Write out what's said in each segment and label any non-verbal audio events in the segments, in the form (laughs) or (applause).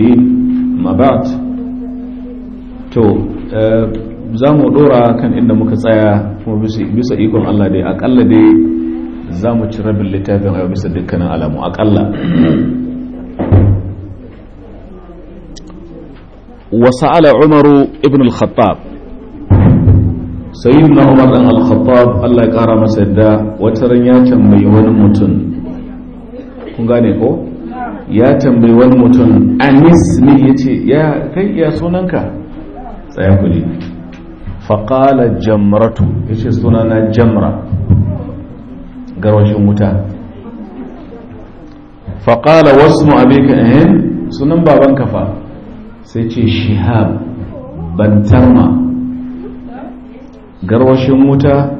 الدين ما بعد kan inda muka tsaya kuma bisa ikon Allah dai akalla dai zamu ci rabin littafin a bisa dukkanin alamu akalla wasa ala umaru ibn al-khattab umar dan al Allah ya kara masa yadda wata ran ya tambayi wani mutum kun gane ko ya tambayi wani mutum anis ne ya ce ya kai ya sunanka tsaya kuli faƙala jamratu ya ce sunana jamra garwashin wuta faƙala wasu abinka ehem sunan baban kafa sai ce shihab bantarma garwashin wuta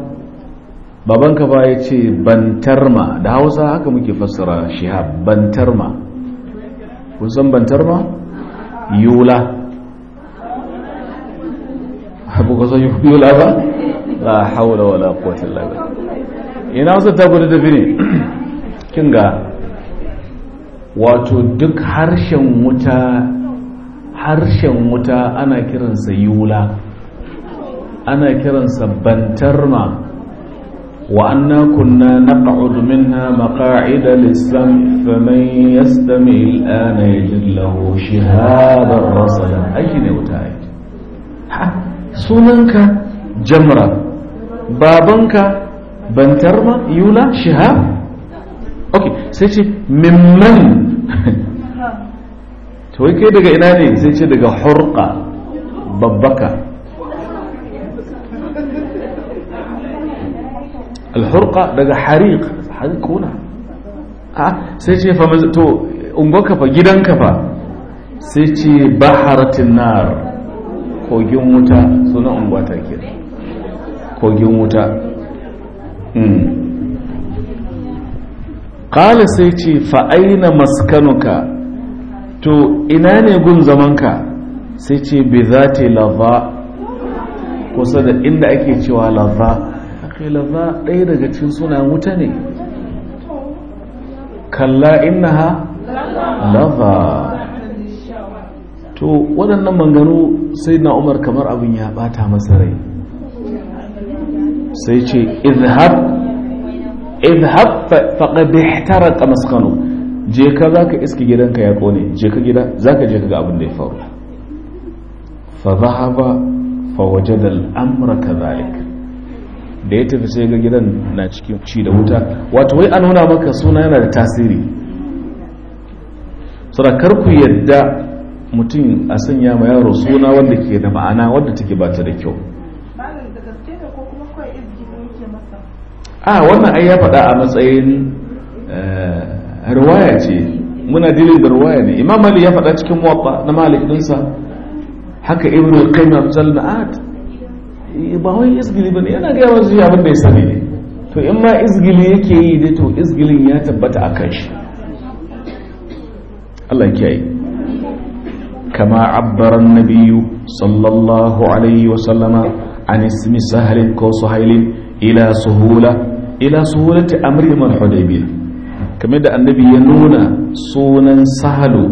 baban kafa ya ce bantarma da hausa haka muke fassara shihab bantarma kun san bantar ba yula abu ka san yula ba la haula wala quwwata illa billah ina wasu ta gudu tafi ne kin ga wato duk harshen wuta harshen wuta ana kiransa yula ana kiransa bantarma وأنا كنا نقعد منها مقاعد للسمع فمن يستمع الآن يجد له شهابا رصدا أي نوتاي سننك جمرة بابنك بنترما يولا شهاب أوكي سيتي ممن توي كده إناني سيتي دقى حرقة babbaka alhurqa daga hariq hariquna a sai ce fa to ungonka fa gidanka fa sai ce baharatin nar kogin wuta sunan ke kogin wuta sai ce maskanuka to ina ne gun zamanka sai ce bi kusa da inda ake cewa kai ɗaya daga cikin suna wuta ne kalla ha? laza to waɗannan manganu sai na umar kamar abin ya ɓata masa rai sai ce izhab izhab faƙad ihtaraka maskanu je ka zaka gidanka ya ƙone. je ka gida ka je ka ga abin da ya faru fa zahaba fa da al-amra kadhalik da ya tafi sai ga gidan na cikin ci da wuta wato wai an nuna maka suna yana da tasiri sadakar ku yadda mutum a sanya ma yaro suna wanda ke da ma'ana wanda take ba ta da kyau a wannan ai ya faɗa a matsayin eh, ruwaya ce muna dilin da ruwaya ne imam ali ya faɗa cikin muwatta na malik sa haka ibnu qayyim al-jannat ba wai izgili ba ne yana gaya wasu shi abin da ya sani ne to in ma izgili yake yi dai to izgilin ya tabbata a kan shi Allah ya kiyaye kama abbaran nabiyu sallallahu alaihi wa sallama an ismi sahalin ko suhailin ila suhula ila suhulati amri man hudaybiya kamar da annabi ya nuna sunan sahalu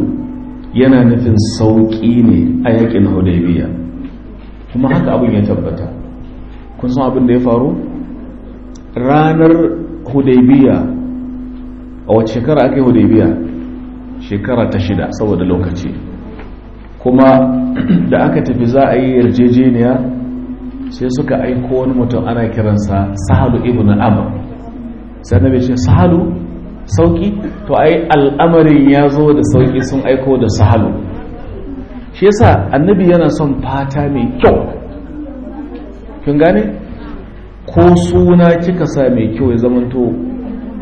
yana nufin sauƙi ne a yakin hudaybiya kuma haka abin ya tabbata kun san abin da ya faru ranar hudaybiya a wace shekara aka yi hudaybiya shekara ta shida saboda lokaci kuma da aka tafi za a yi yarjejeniya sai suka aiko wani mutum ana kiransa sahalu ibn amr sai na ce sahalu sauki to ai al'amarin ya zo da sauki sun aiko da sahalu shi yasa annabi yana son fata mai kyau kin gane ko suna kika sa mai kyau ya zamanto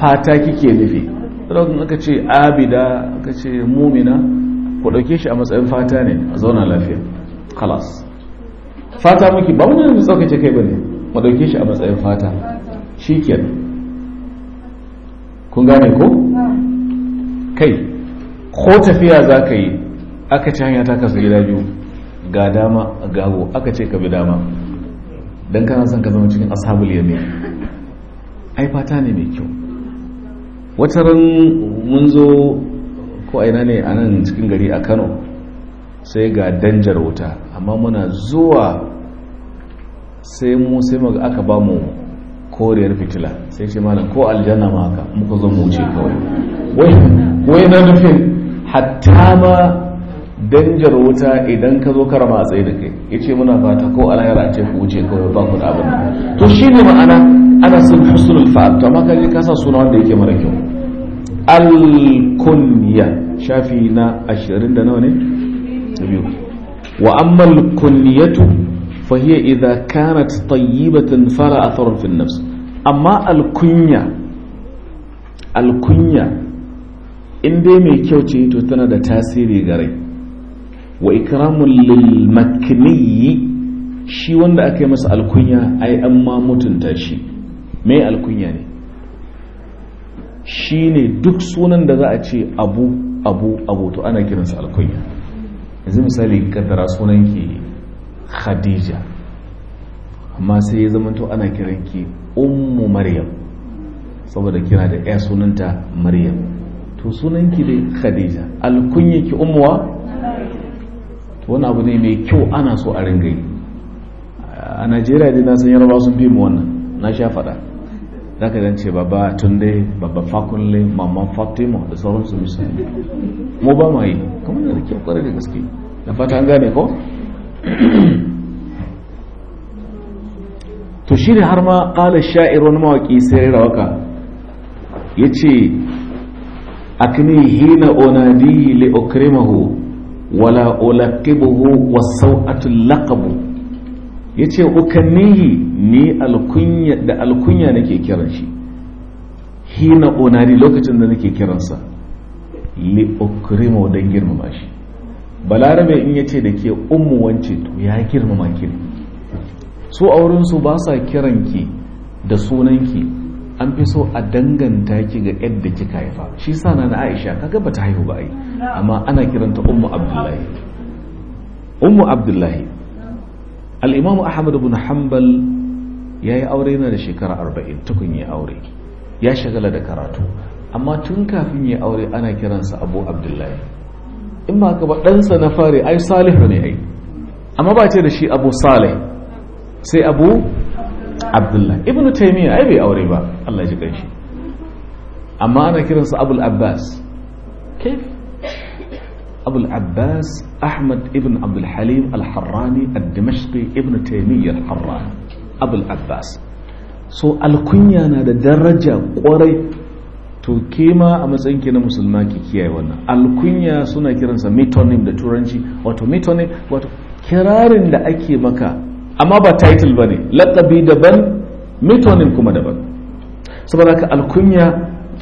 fata kike nufi sadaukin aka ce abida aka ce mumina ku dauke shi a matsayin fata ne a zauna lafiya kalas fata muke ba wani mu tsaukace kai ba ne mu dauke shi a matsayin fata shi kenan kun gane ko kai ko tafiya za ka yi aka ci hanya ta kasu gida biyu ga dama gago aka ce ka bi dama don kana son ka zama cikin ashabul yamin ai fata ne mai kyau wata ran mun zo ko aina ne a nan cikin gari a kano sai ga danjar wuta amma muna zuwa sai mu sai mu aka ba mu koriyar fitila sai ce malam ko aljanna ma haka muka zo mu wuce kawai wai na nufin hatta ma danjar wuta idan ka zo ka rama tsaye da kai ya ce muna fata ko alayar a ce ku wuce kawai ba ku da abin da. to shi ne ma'ana ana sun husnul fa'al to amma kaje ka sa suna wanda yake mara kyau al kunya shafi na ashirin da nawa ne biyu wa amma Al-Qunnyattu kunyatu fa hiya idza kanat tayyibatan fala athar fi nafs amma al alkunya in dai mai kyau ce to tana da tasiri ga rai wa ikramun lil shi wanda aka yi masa alkunya ai an ma mutunta shi mai alkunya ne shi ne duk sunan da za a ce abu abu abu to ana kiransa alkunya yanzu misali kaddara sunan ki khadija amma sai ya zama to ana kiranki ummu maryam saboda kira da ya sunanta maryam to sunanki dai khadija alkunya ki ummuwa wani abu ne mai kyau ana so a ringa yi a najeriya dina na san yarba sun fi mu wannan na sha fada za ka zance tun tunde babba fakunle mama fatima da sauransu misali mu ba ma yi kuma da kyau kwarai da gaske da fata an gane ko to shi ne har ma ƙala sha'ir wani mawaƙi sai ya rawaka ya ce akini hina onadi li okrimahu wala ulaqibuhu wasau'atu laqabu yace ukannihi ni alkunya da alkunya nake kiran shi hina onari lokacin da nake kiransa li ukrimu dan girmama shi balarabe in yace da ke ummu wance to ya girmama ki su auren su ba sa kiranki da sunanki an fi so a danganta ki ga yadda kika haifa shi sa na na aisha kaga bata haihu ba ai amma ana kiranta ummu abdullahi ummu abdullahi al-imamu ahmad ibn hanbal yayi aure na da shekara 40 tukun yi aure ya shagala da karatu amma tun kafin yi aure ana kiransa abu abdullahi in ba ka ɗansa na fare ai salihu ne ai amma ba ce da shi abu salih sai abu abdullah ibn taimiyya ai bai aure ba allah ji ƙanshi amma ana kiransa abul abbas كيف أبو العباس أحمد ابن عبد الحليم الحراني الدمشقي ابن تيمية الحراني أبو abbas so alkunya na da daraja kwarai to kema a matsayinki na musulma ki kiyaye wannan alkunya suna kiransa metonym da turanci wato metonym wato kirarin da ake maka amma ba title ba ne laƙabi daban metonym kuma daban saboda ka alkunya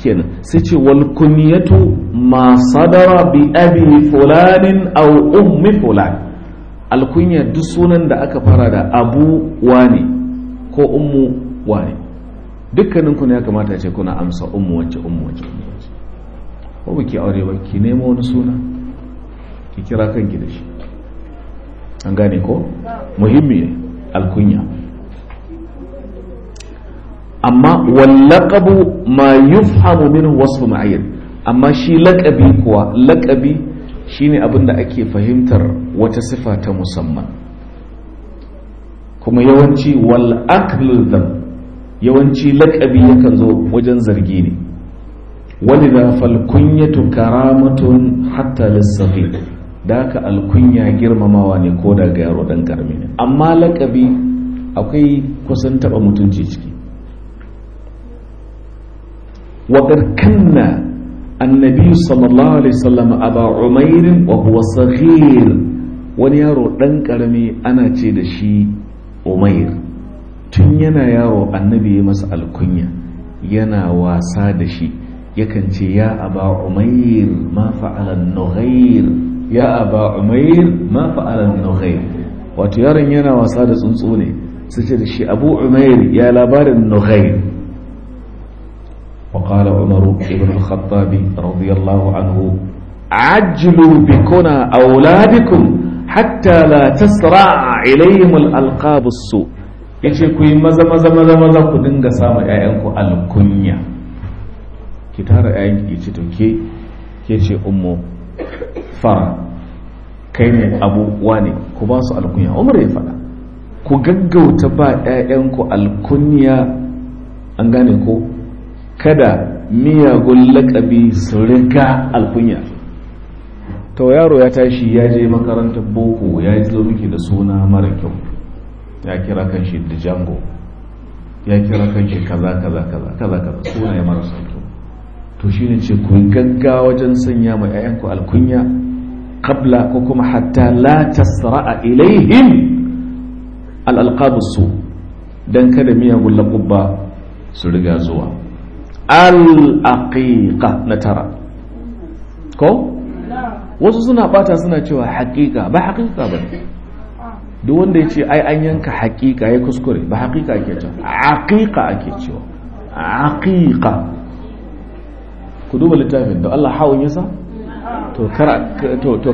kenan sai ce wal kunyatu ma sadara bi abi fulanin aw ummi fulan alkunya duk sunan da aka fara da abu wani ko ummu wani dukkanin ku ya kamata ce kuna amsa ummu wacce ummu wacce ummu wacce ko biki aure ba ki nemo wani suna ki kira kanki da shi an gane ko muhimmi alkunya amma wallaqabu ma yufhamu minhu wasfu ma'ayyan amma shi laƙabi kuwa laƙabi shine abin da ake fahimtar wata sifa ta musamman kuma yawanci wal akhludham yawanci laƙabi yakan zo wajen zargi ne walidha fal kunyatu karamatun hatta lissafi. da ka alkunya girmamawa ne ko daga yaro dan karmi ne amma lakabi akwai kusan taba mutunci ciki wa kanna annabi sallallahu alaihi wasallam aba umairin wa huwa saghir wani yaro dan ƙarami ana ce da shi umair tun yana yaro annabi ya masa alkunya yana wasa da shi yakan ce ya aba umair ma fa'ala nughair ya aba umair ma fa’alan nukhair wato yaron yana wasa da tsuntsu ne su da shi abu umair ya labarin nukhair waƙala umaru ibn al-khattabi radiyallahu anhu ajilu bi kuna auladikum hatta la tasra ilayhim al-alqab su yace ku yi maza maza maza maza ku dinga samu ƴaƴanku alkunya ki tara ƴaƴanki ki ci tunke ke ce ummu fara kai ne abubuwa ne ku ba su alkunya umar ya faɗa ku gaggauta ba 'ya'yanku alkunya an gane ko kada miyagun lakabi su riga alkunya to yaro ya tashi ya je makarantar boko ya zo miki da suna mara kyau ya kira kan shi da jango ya kira kan shi kaza kaza kaza kaza kaza suna ya mara kyau to shi ne ce ku gaggawa wajen sanya ma 'ya'yanku alkunya qabla ko kuma hatta la tasra'a ilaihim al su dan kada miyagun lakuba su riga zuwa al-aqiqa na tara ko wasu suna bata suna cewa haqiqa ba haqiqa ba duk wanda ya ce ai an yanka haqiqa ya kuskure ba haqiqa ake cewa haƙiƙa ake cewa haƙiƙa ku duba littafin da Allah hawan yasa to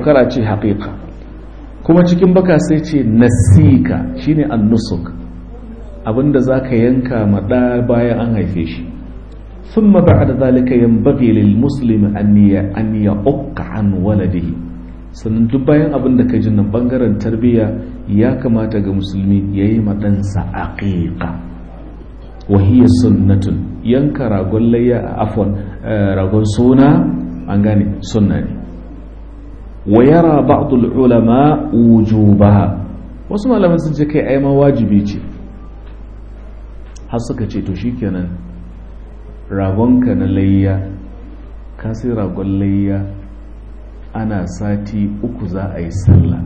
kara ce haƙiƙa kuma cikin baka sai ce nasika shine annusuk abinda za ka yanka maɗa bayan an haife shi sun maba'a da zalika yan bage lil musulmi an ya an sannan duk bayan abin da ka ji na ɓangaren tarbiyya ya kamata ga musulmi ya yi maɗansa aƙiƙa wahiyar sunnatun yanka ragon layya a eh, ragon suna an gane sunna ne wa yara ba'dul ulama wujubaha wasu malaman sun ce kai ai ma wajibi ce har suka ce to shikenan ragonka na layya ka sai ragon layya ana sati uku za a yi sallah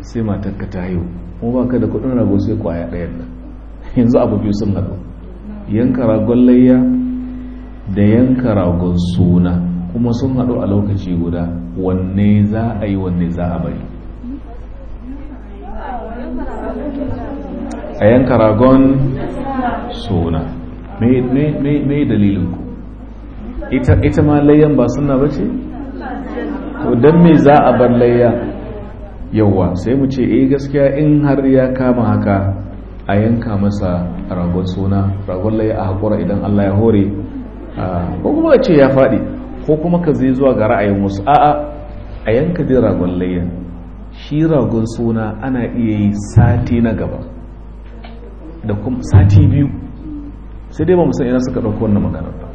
sai matar ka ta haihu kuma baka da kudin rago sai kwaya ɗayan nan (laughs) yanzu abu biyu sun haɗu yanka ragon layya da yanka ragon suna kuma sun haɗu a lokaci guda wanne za a yi wanne za a bari a yanka ragon suna mai ku ita ma layyan ba suna ba ce? ko don me za a bar layya yauwa sai mu ce eh gaskiya in har ya kama haka a yanka masa ragon suna ragon layya a haƙura idan allah ya hore ko kuma ce ya faɗi ko kuma ka zai zuwa ga ra'ayin wasu a'a a yanka zai ragon layya shi ragon suna ana iya yi sati na gaba da kuma sati biyu sai dai ba san ina suka ɗauko wannan maganar ba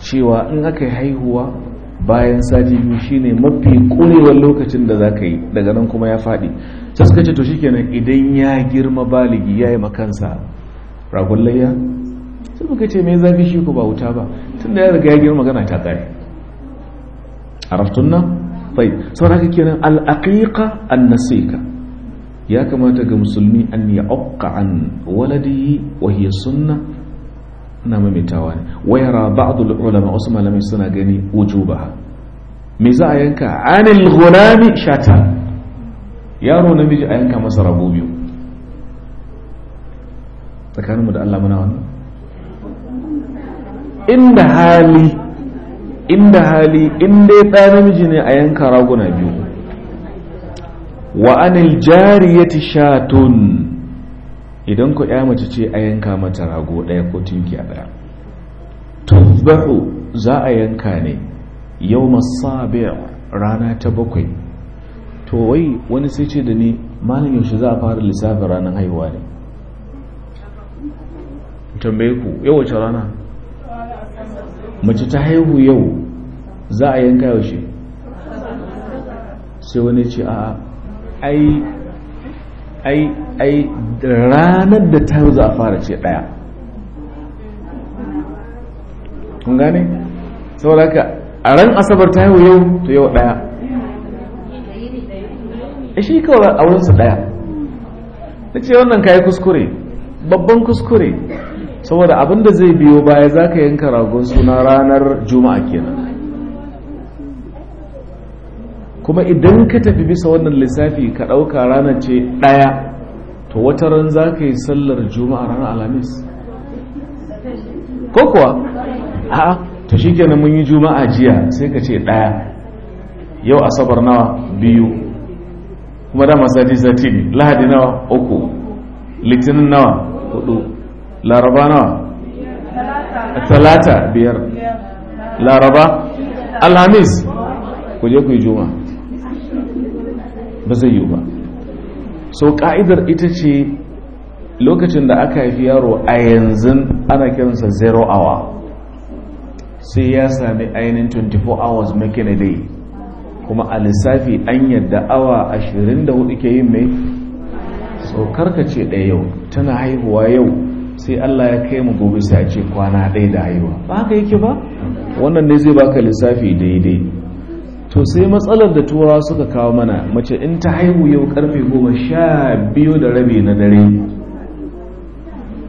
cewa in aka yi haihuwa bayan sati biyu shine mafi kurewar lokacin da za ka yi daga nan kuma ya faɗi sai suka ce to kenan idan ya girma baligi ya yi makansa ragon layya sai muka ce mai zafi shi ku ba wuta ba tun da ya riga ya girma magana ta kare araftun nan bai sauran ka kenan al'aƙiƙa an nasika ya kamata ga musulmi an ya auka an waladi wahiyar sunna na mamitawa ne wayara ba'dul ulama wasu malamai suna gani wujuba me za a yanka anil ghulami shatan yaro namiji a yanka masa rabo biyu tsakaninmu da Allah muna wannan inda hali inda hali in dai ɗa namiji ne a yanka raguna biyu wa anil jariyati shatun idan ku ya mace ce a yanka mata rago ɗaya ko tunkiya ɗaya tuzbahu za a yanka ne yau masabi rana ta bakwai to wai wani sai ce da ni malam yaushe za a fara lissafin ranar haihuwa ne tambaye ku yau wace rana mace ta haihu yau za a yanka yaushe sai wani ce a ai ai ai ranar da ta za a fara ce daya kun gane saboda ka a ran asabar ta haihu yau to yau daya shi kawai a wurinsa daya na ce wannan kayi kuskure babban kuskure saboda abin da zai biyo baya za ka yanka ragon suna ranar juma'a kenan kuma idan ka tafi bisa wannan lissafi ka ɗauka rana ce ɗaya to wata ran za ka yi sallar juma'a ranar alamis ko kuwa a to shi kenan mun yi juma'a jiya sai ka ce ɗaya yau asabar nawa biyu kuma dama sati sati lahadi nawa uku litinin nawa hudu laraba nawa talata biyar laraba alhamis ku je ku yi juma ba zai yi ba so ka'idar ita ce lokacin da aka haifi yaro a yanzu ana kiransa zero hour sai ya sami ainihin 24 hours making a day kuma a lissafi an yadda awa 24 ke yin mai saukar ka ce ɗaya yau tana haihuwa yau sai Allah ya kai mu gobe sai a ce kwana ɗaya da haihuwa ba haka yake ba wannan ne zai baka lissafi daidai to sai matsalar da turawa suka kawo mana mace in ta haihu yau karfe goma sha biyu da rabi na dare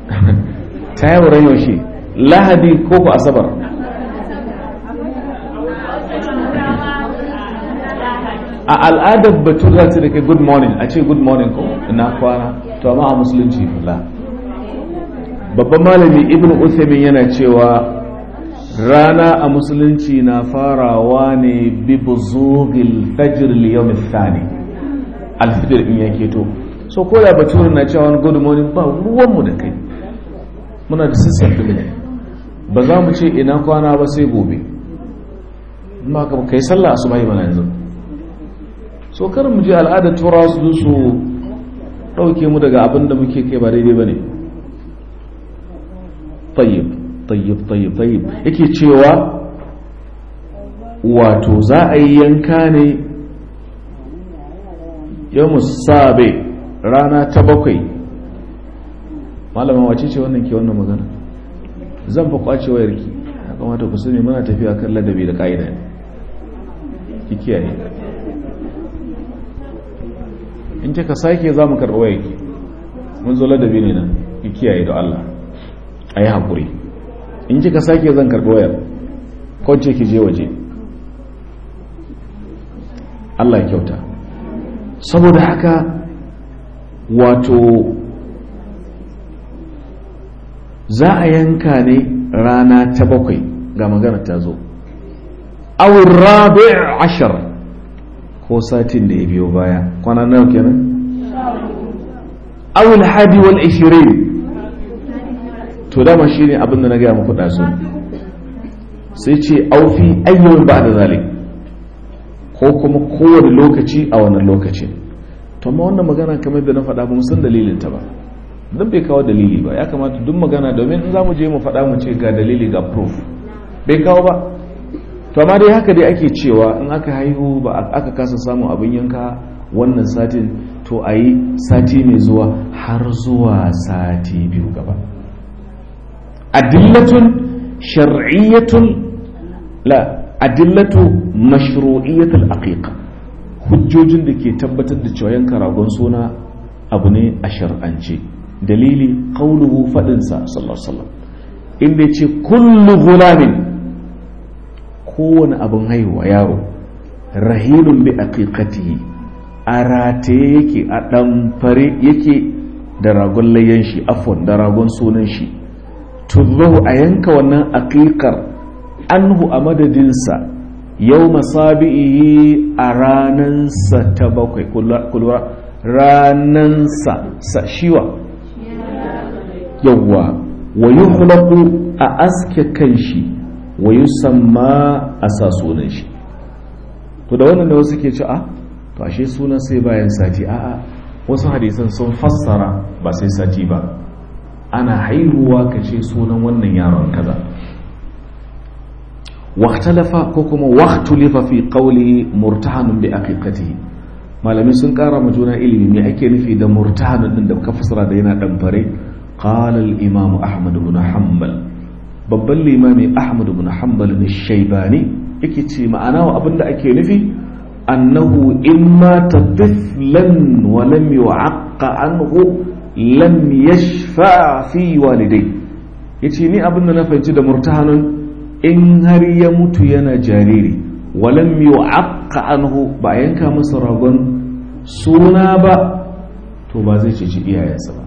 (laughs) ta haihu wurin yaushe lahadi ko ku asabar a al'adar batu za ta da kai good morning a ce good morning ko ina kwana to amma a musulunci Fula. babban malami ibn usaimin yana cewa rana a musulunci na farawa ne bi buzugil fajr liyawm athani al-fajr in yake to so ko da baturin na cewa good morning ba ruwan mu da kai muna da sissan dole ba za mu ce ina kwana ba sai gobe ma ka kai sallah asuba mana yanzu so kar mu je al'adar turawa su dauke mu daga abin da muke kai ba daidai bane tayyib tayyib tayyib tayyib yake cewa wato za a yi yanka ne yau sabe rana ta bakwai malama wace ce wannan ke wannan magana zan fa kwace wayarki ya kamata ku sani muna tafiya kan ladabi da ka'ida ki kiyaye in kika sake za mu karɓi wayarki mun zo ladabi ne nan ki kiyaye da Allah a yi haƙuri in kika sake zan karɓi wayar kwanci ki je waje allah kyauta saboda haka wato za a yanka ne rana ta bakwai ga magana ta zo awin rabia ashar ko satin da ya biyo baya kwanan nawa kenan awil hadi wal ishirin to dama shi ne abin da na gaya muku ɗasu, sai ce aufi ayyawar ba da zalik ko kuma kowane lokaci a wannan lokacin to ma wannan magana kamar da na faɗa mun san dalilin ta ba don bai kawo dalili ba ya kamata duk magana domin in za mu je mu faɗa mu ce ga dalili ga proof bai kawo ba to amma dai haka dai ake cewa in aka haihu ba aka kasa samun abin yanka wannan satin to ayi sati mai zuwa har zuwa sati biyu gaba أدلة شرعية لا أدلة hujjojin da ke tabbatar da cewa yanka ragon suna abu ne a shar'ance dalili qauluhu sa sallallahu alaihi wasallam inda yace kullu ghulamin kowane abin haihuwa yaro rahilun bi aqiqatihi a rataye yake a ɗanfare yake da ragon layyan shi afon da ragon sunan shi tullahu a yanka wannan aqiqar anhu a madadinsa yau masabi'i a ranansa ta bakwai kulwa ranansa sa shiwa yawwa wa yi a aske kan shi wa yi samma a sa sunan shi to da wannan da wasu ke ci a ah, to ashe sunan sai bayan sati a'a wasu hadisan sun fassara ba sai sati ba ana haihuwa ka ce sunan wannan yaron kaza waktalafa ko kuma waktulifa fi qawli murtahanun bi aqiqatihi malami sun kara ma juna ilimi me ake nufi da murtahanun din da ka fasara da yana damfare qala al imam ahmad ibn hanbal babban limami ahmad ibn hanbal ne shaybani yake ce ma'ana wa abinda ake nufi annahu imma tadiflan wa lam yu'aqqa anhu lam yashfa fi walidai yace ni abin da na fahimci da murtahanun in har ya mutu yana jariri walam yu'aqqa anhu ba yanka masa ragon suna ba to ba zai ci iyayensa ba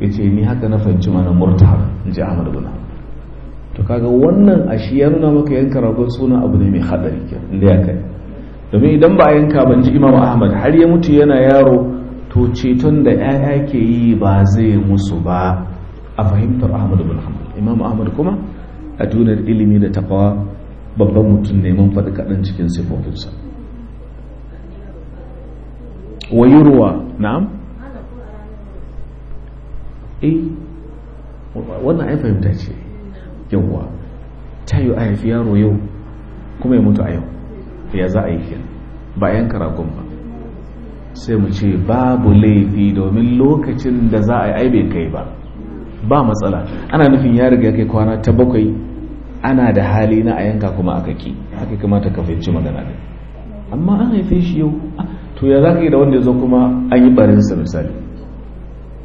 yace ni haka na fahimci mana murtahan ji Ahmad bin to kaga wannan ashi ya nuna maka yanka ragon suna abu ne mai hadari kenan inda ya kai domin idan ba yanka ban ji Imam Ahmad har ya mutu yana yaro to ceton da 'ya'ya ke yi ba zai musu ba a fahimtar ahmadu bin hamad imam ahmad kuma a tunar ilimi da takawa babban mutum ne mun faɗi kaɗan cikin sifofinsa wayurwa na'am E, wannan ai fahimta ce yawwa ta yi a yaro yau kuma ya mutu a yau ya za a yi ba yanka ragon ba sai mu ce babu laifi domin lokacin da za a yi bai kai ba ba matsala ana nufin ya riga kai kwana ta bakwai ana da hali na a yanka kuma aka ki haka kamata ka fahimci magana ne amma an haife shi yau to ya za ka yi da wanda ya zo kuma an yi sa misali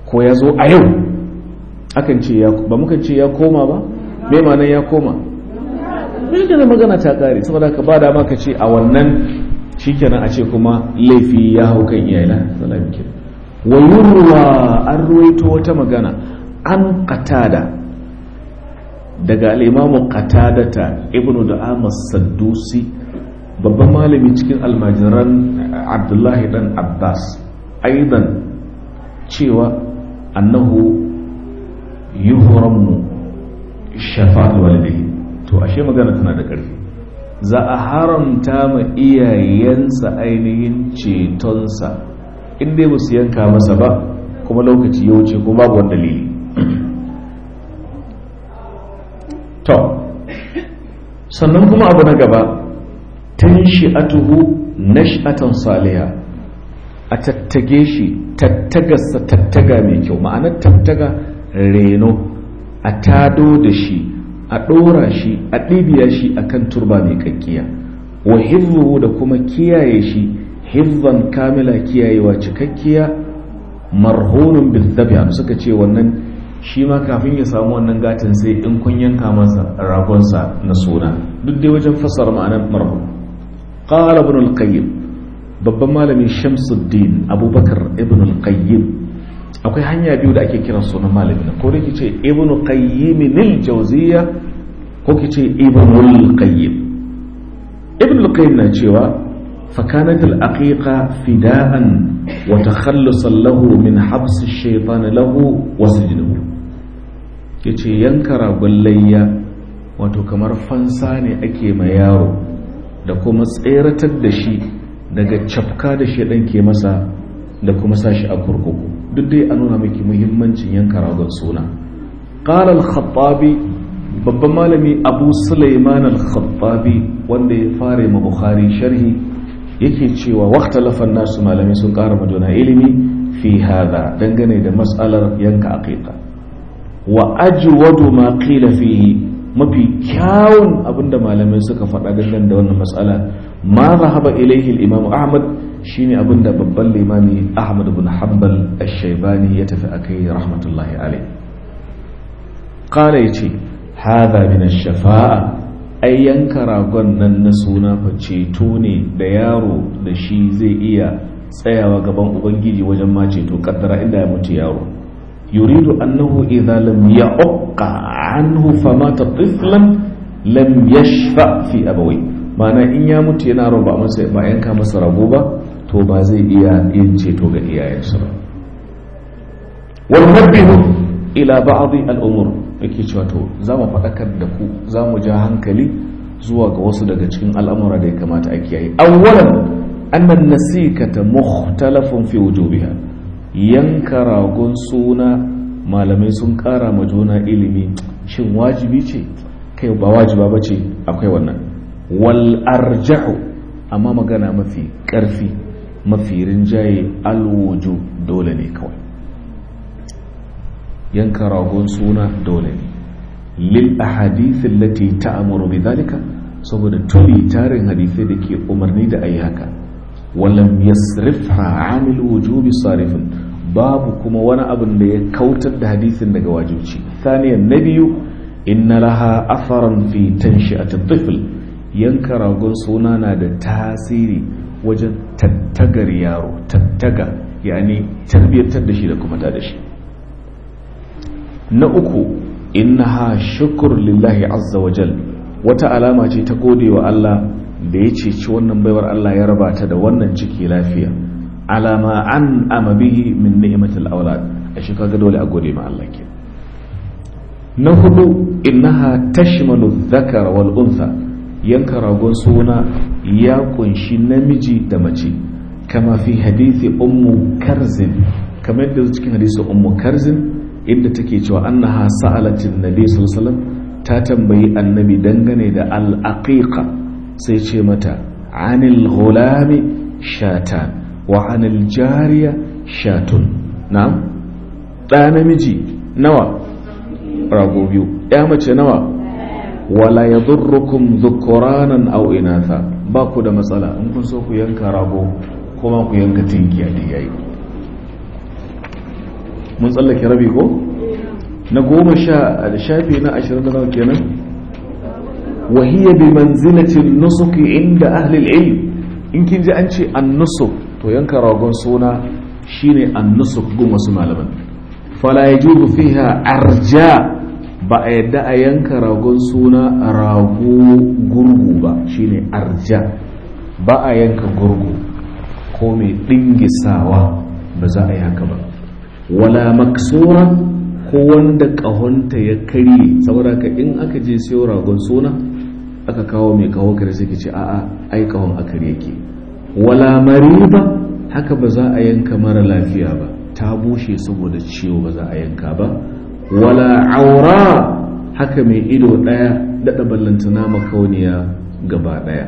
ko ya zo a yau akan ce ya ba muka ce ya koma ba me ma ya koma da magana ta kare saboda ka ba dama ka ce a wannan shikenan a ce kuma laifi ya hau kan iyayena salam ke wa yurwa an ruwaito wata magana an qatada daga al-imamu qatadata ibnu da'am as-saddusi babban malami cikin almajiran abdullahi dan abbas aidan cewa annahu yuhramu shafa'at walidayhi to ashe magana tana da ƙarfi za a haramta ma iyayensa ainihin cetonsa inda ba su yanka masa ba kuma lokaci ya wuce kuma babu wanda lili (clears throat) to sannan kuma abu na gaba tun tuhu nash'atan saliha a tattage shi tattagarsa tattaga mai kyau ma'anar tattaga reno a tado da shi a ɗora shi a ɗibiya shi a kan turba mai kakkiya wa hifzuhu da kuma kiyaye shi hifzan kamila kiyayewa cikakkiya marhunun a suka ce wannan shi ma kafin ya samu wannan gatin sai in kun yanka masa ragonsa na suna duk dai wajen fasar ma'anar marhun qala ibn al babban malamin shamsuddin abubakar ibn al akwai hanya biyu da ake kiran sunan malamin ko da ke ce ibn qayyim lil jawziya ko ke ce ibn qayyim ibn qayyim na cewa fa kanat al aqiqa fida'an wa takhallusan lahu min habs ash-shaytan lahu wa sijnuhu yace yanka ragon layya wato kamar fansa ne ake ma yaro da kuma tseratar da shi daga cafka da shedan ke masa da kuma sashi a kurkuku duk dai a nuna miki muhimmancin yanka ragon suna qala al-khattabi babban malami abu sulaiman al-khattabi wanda ya fara ma bukhari sharhi yake cewa waqtalafa nasu malami sun kara maduna ilimi fi hada dangane da matsalar yanka aqiqa wa ajwadu ma qila fi mafi kyawun abinda malamai suka faɗa dangane da wannan matsala. ma zahaba ilaihi al-imam ahmad shine abinda babban limami ahmad ibn hanbal ash-shaybani ya tafi akai rahmatullahi alayh qala yace hadha min ash-shafa'a ai yanka ragon nan na suna fa ceto ne da yaro da shi zai iya tsayawa gaban ubangiji wajen ma ceto kaddara inda ya mutu yaro yuridu annahu idza lam ya'qa anhu famata tiflan lam yashfa fi abawayhi mana in ya mutu yana roba masa ba yanka masa rabo ba to ba zai iya yin ceto ga iyayensa ba wal mabbihu ila ba'd al umur yake cewa to za mu faɗakar da ku za mu ja hankali zuwa ga wasu daga cikin al'amura da ya kamata a kiyaye awwalan anna nasikata mukhtalafun fi wujubiha yanka ragon suna malamai sun kara ma juna ilimi shin wajibi ce kai ba wajiba bace akwai wannan wal arjahu amma magana mafi ƙarfi mafi rinjaye alwuju dole ne kawai yanka ragon suna dole ne lil ahadithin lati ta'amuru bi zalika saboda tuni tarin hadisai da ke umarni da ayi haka walam yasrifha anil wujubi sarifin babu kuma wani abin da ya kautar da hadisin daga wajibci thaniyan na biyu inna laha afaran fi tanshi'at a tifl yanka ragon suna na da tasiri wajen tattagar yaro tattaga yani tarbiyyantar da shi da kuma da shi na uku innaha shukur lillahi azza wajal wata alama ce ta gode wa Allah da ya ci wannan baiwar Allah ya raba ta da wannan ciki lafiya alama an amabihi min ni'matil aulad a shi ga dole a gode ma Allah ke na hudu innaha tashmalu dhakara wal untha yanka ragon suna ya kunshi namiji da mace kama fi hadithi ummu karzin kamar yadda cikin hadisi ummu karzin inda take cewa annaha sa'alatin nabi sallallahu ta tambayi annabi dangane da alaƙiƙa sai ce mata anil ghulami shatan wa anil jariya shatun na'am da namiji nawa rago biyu ya mace nawa wala ya zurrukum zukuranan au inatha ba ku da matsala in kun so ku yanka rago kuma ku yanka tinkiya da yayi mun tsallake rabi ko na goma sha shafi na ashirin da nawa kenan wahiyya bi manzilatin nusuki inda ahlil ilm in kin ji an ce an to yanka ragon suna shine an gun wasu malaman fala yajuzu fiha arja ba a yadda a yanka ragon suna a rago gurgu ba shine arja ba a yanka gurgu ko mai ɗingisawa ba za a yi haka ba wala maksura ko wanda kahonta ya karye saboda in aka je siyo ragon suna aka kawo mai kawo kare sai ce a'a ai ƙahon a yake. ke wala mariba haka ba za a yanka mara lafiya ba ta bushe saboda ciwo ba za a yanka ba wala aura haka mai ido ɗaya daɗa ballantana makauniya gaba daya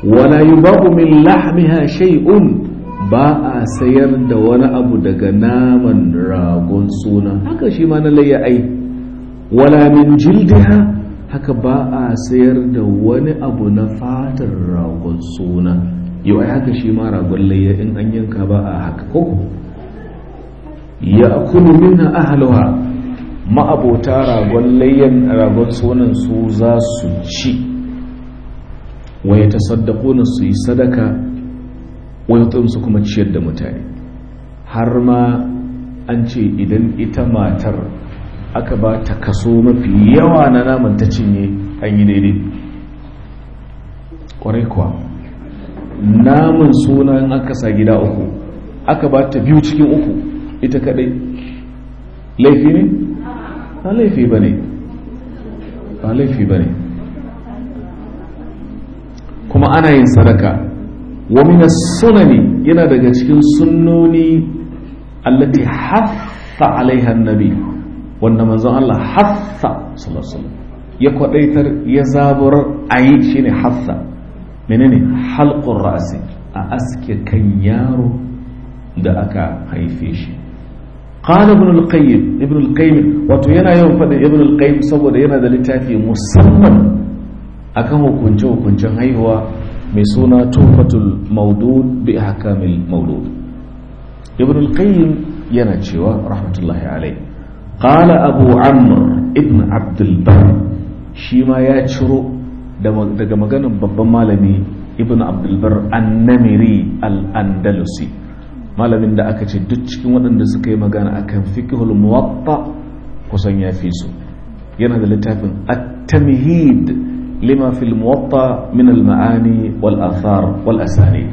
wala yubahu min lahmiha shay'un ba a sayar da wani abu daga naman ragon suna haka shi ma na layya ai wala min jildiha haka ba a sayar da wani abu na fatar ragon suna yau ai haka shi ma ragon layya in an yanka ba a haka ko ya akulu minha ahlaha ma'abota ragon layyan ragon sunan su za su ci wai ta saddakuna su yi sadaka wai su kuma ciyar da mutane har ma an ce idan ita matar aka ba ta kaso mafi yawa na naman ta cinye an yi daidai ƙwarai kuwa naman sunan aka sa gida uku aka ba ta biyu cikin uku ita kaɗai laifi ne ba laifi ba ne ba laifi ba ne kuma ana yin sadaka wa mina sunani yana daga cikin sunnoni allati haffa alaiha nabi wanda manzon Allah haffa sallallahu ya kwadaitar ya zaburar ayi shine haffa menene halkun ra'si a aske kan yaro da aka haife shi qala ibn al-qayyim ibn al-qayyim wato yana yawan faɗin ibn al-qayyim saboda yana da littafi musamman akan hukunce hukuncen haihuwa mai suna tufatul mawdud bi ahkamil mawdud ibn al-qayyim yana cewa rahmatullahi alayhi qala abu amr ibn abd al-bar shi ma ya ciro daga maganin babban malami ibn abd al-bar an-namiri al-andalusi malamin da aka ce duk cikin waɗanda suka yi magana akan fiqhul muwatta kusan ya fi su yana da littafin at-tamhid lima fil muwatta min al-ma'ani wal athar wal asani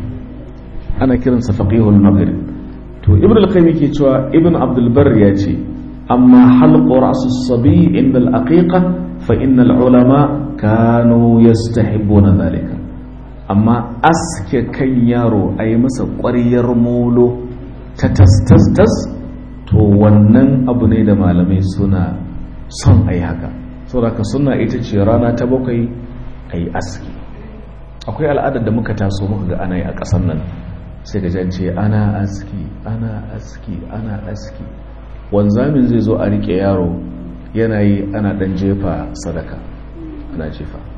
ana kiransa faqihul maghrib to ibn al-qayyim yake cewa ibn abdul bar ya ce amma halqu ra's as-sabi inda al-aqiqa fa innal ulama kanu yastahibbuna dhalika amma aske kan yaro a yi masa ƙwaryar molo ta tas-tas-tas to wannan abu ne da malamai suna son a yi haka sauraka suna ita ce rana ta bakwai a yi aski akwai al'adar da muka taso muka ga ana yi a ƙasar nan sai ga jance ana aski ana aski ana aski wanzamin zai zo a riƙe yaro yana yi ana ɗan jefa sadaka ana jefa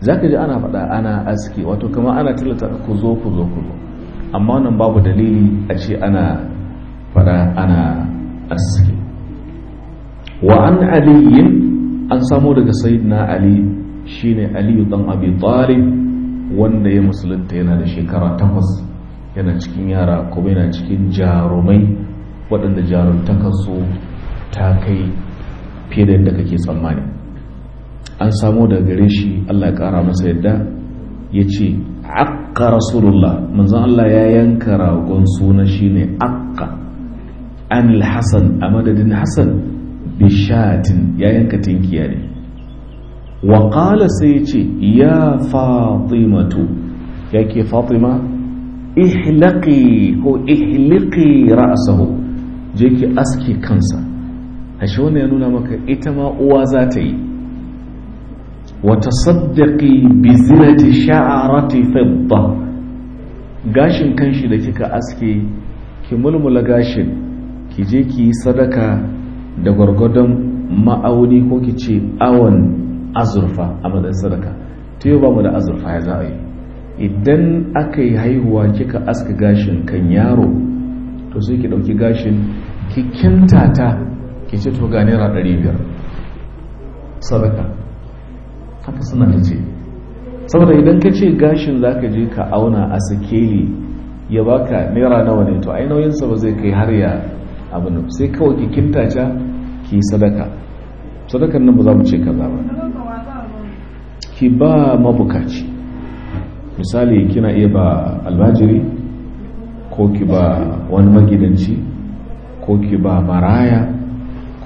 za ka ji ana faɗa ana aski wato kama ana tallata ku zo ku zo ku zo amma wannan babu dalili a ce ana faɗa ana aski wa an aliyin an samo daga sayyidina ali shine aliyu dan abi talib wanda ya musulunta yana da shekara takwas yana cikin yara kuma yana cikin jarumai waɗanda jarumtakarsu ta kai fiye da yadda kake tsammani an samo daga gare shi Allah ya kara masa yadda ya ce akka rasulullah manzon Allah ya yanka ragon suna shine akka anil hasan a madadin hasan bishatin ya yanka tinkiya ne wa sai ya ce ya fatimatu ya ke fatima ihlaqi ko ihliqi ra'asahu je ki aske kansa ashe wannan ya nuna maka ita ma uwa za ta yi watasaddaqi bi zinati sha'arati gashin kanshi da kika aske ki mulmula gashin ki je ki yi sadaka da gwargwadon ma'auni ko ki ce awon azurfa a madadin sadaka ta yau ba mu da azurfa ya za a yi idan aka yi haihuwa kika aske gashin kan yaro to sai ki ɗauki gashin ki kintata ki ce to ga naira 500 sadaka haka suna da ce saboda idan ka ce gashin za ka je ka auna a sikeli ya baka naira nawa ne to ainihinsa ba zai kai har ya abin sai kawai ki kintace ki sadaka sadakar nan ba za mu ce kaza ba ki ba mabukaci misali kina iya ba albajiri ko ki ba wani magidanci ko ki ba maraya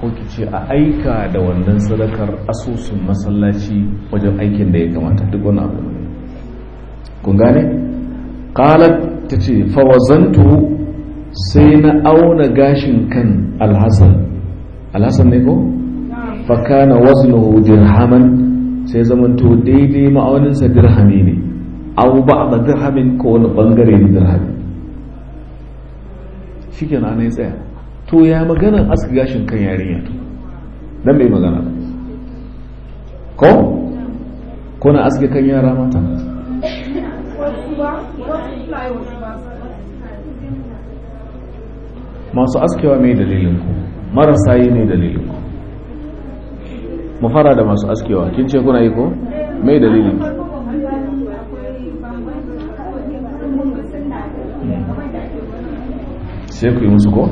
ko ki ce a aika da wannan sadakar asusun masallaci wajen aikin da ya kamata duk wani abu kun gane qalat tace fa wazantu sai na auna gashin kan alhasan alhasan ne ko fa kana waznuhu dirhaman sai zamanto daidai ma'aunin sa dirhami ne ba a dirhamin ko wani bangare ne dirhami shikenan ne tsaya to ya magana aska gashin kan yarinya to dan bai magana ba ko ko na aske kan yara mata masu askewa mai dalilin ku marasa yi ne dalilin ku mu fara da masu askewa kin ce kuna yi ko mai dalilin ku hmm. sai ku yi musu ko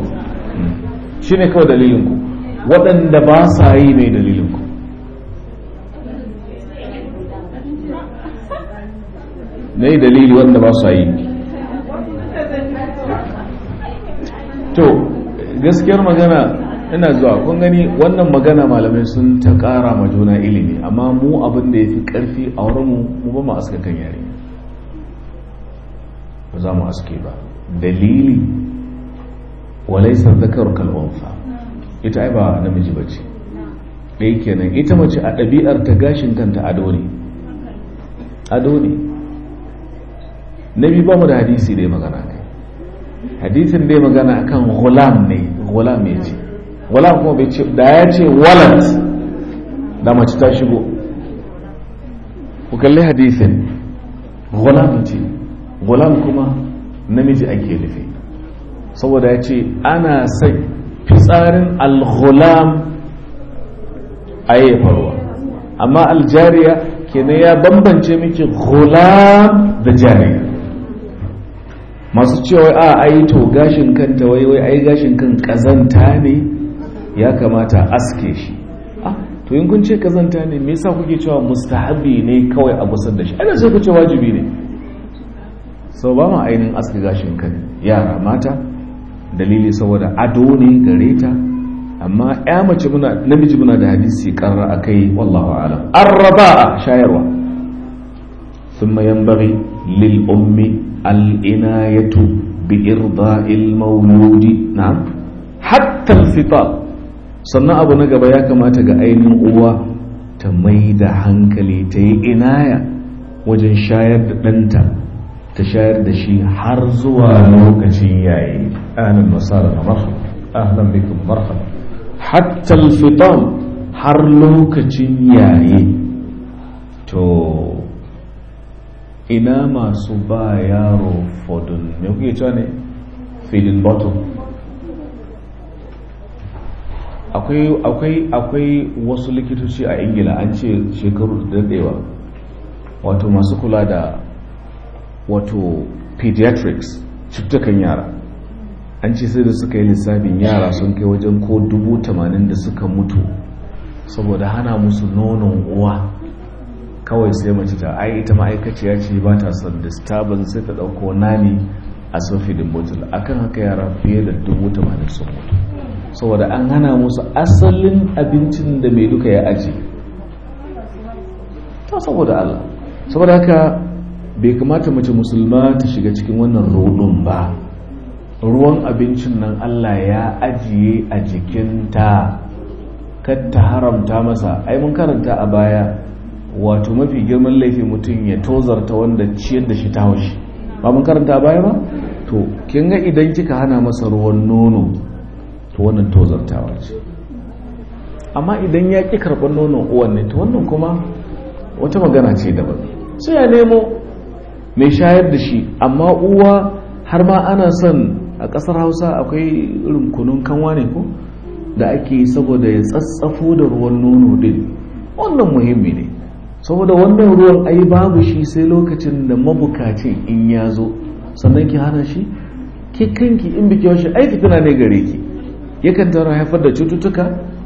Shi ne kawai dalilinku waɗanda ba sa yi mai dalilinku na yi dalili wanda ba sa yi to gaskiyar magana ina zuwa kun gani wannan magana malamai sun ta ƙara ma juna ilimi amma mu abin da ya fi ƙarfi a wurinmu mu ba mu aska kan yare ba za mu aske ba dalili walaisar zakar kalwanfa ita ai ba namiji ba ce ɗaya kenan ita mace a ɗabi'ar ta gashin kanta ado ne ado ne na biyu ba mu da hadisi dai magana kai hadisin dai magana akan gulam ne gulam ya ce gulam kuma bai ce da ya ce walat da mace ta shigo ku kalli hadisin gulam ce gulam kuma namiji ake nufi saboda ya ce ana sai fitsarin al a yi farwa amma aljariya kenan ya bambance miki ghulam da jariya masu cewa a ayi to gashin kanta wai wai ai gashin kan kazanta ne ya kamata aske shi to in kun ce kazanta ne me yasa kuke cewa mustahabi ne kawai a gusar da shi ana sai ku ce wajibi ne sau ba ma ainihin aske gashin kan yara mata dalili saboda ado ne gare ta amma ya mace muna namiji muna da hadisi karra akai wallahu alam arraba'a shayarwa thumma yanbaghi lil ummi al inayatu bi irda'il mawludi na'am hatta al fitar sannan abu na gaba ya kamata ga ainihin uwa ta mai da hankali ta yi inaya wajen shayar da ɗanta ta shayar da shi har zuwa lokacin yayi ahlan wasala na marhaba ahlan bikum marhaba hatta alfitam har lokacin yayi to ina masu ba yaro fodun ne kuke cewa ne filin bottom akwai akwai akwai wasu likitoci a ingila an ce shekaru da daɗewa wato masu kula da wato pediatrics cututtukan yara an ce sai da suka yi lissafin yara sun kai wajen ko dubu tamanin da suka mutu saboda hana musu nonon uwa kawai sai mace ta ai ita ma'aikaciya ce ba ta son disturbance sai ta ɗauko nani a sofi da bottle akan haka yara fiye da dubu tamanin sun mutu saboda an hana musu asalin abincin da mai duka ya aji ta saboda allah saboda haka bai kamata mace musulma ta shiga cikin wannan rodon ba ruwan abincin nan allah ya ajiye a jikinta ta haramta masa ai mun karanta a baya wato mafi girman laifin mutum ya tozarta wanda ciyar da shi ta haushi ba mun karanta a baya ba to kin ga idan kika hana masa ruwan nono to wannan tozartawa ce amma idan ya ƙi karɓar nonon uwan ne to wannan kuma wata magana ce daban sai ya nemo mai shayar da shi amma uwa har ma ana son a ƙasar hausa akwai irin kunun kanwa ne ko da ake saboda ya tsatsafo da ruwan nono din wannan muhimmi ne saboda wannan ruwan ai babu shi sai lokacin da mabukacin in ya zo sannan ki hana shi ki kanki in biki washe ai tana ne gare ki yakan tara haifar da cututtuka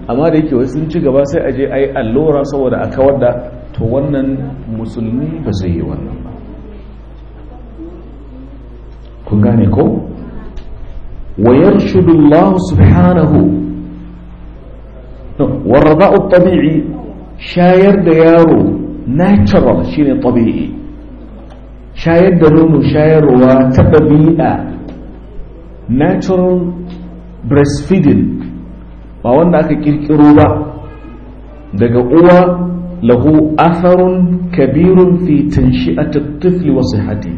amma da yake wasu sun ci gaba sai a je ai allura saboda a kawar da to wannan musulmi ba zai yi wannan ويرشد الله سبحانه والرضاء الطبيعي شاير ديارو ناتشرال شيني طبيعي شاير دلوم شاير وتبديئة ناتشرال بريس فيدن اخي كيكير كروبا دقا قوة له أثر كبير في تنشئة الطفل وصحته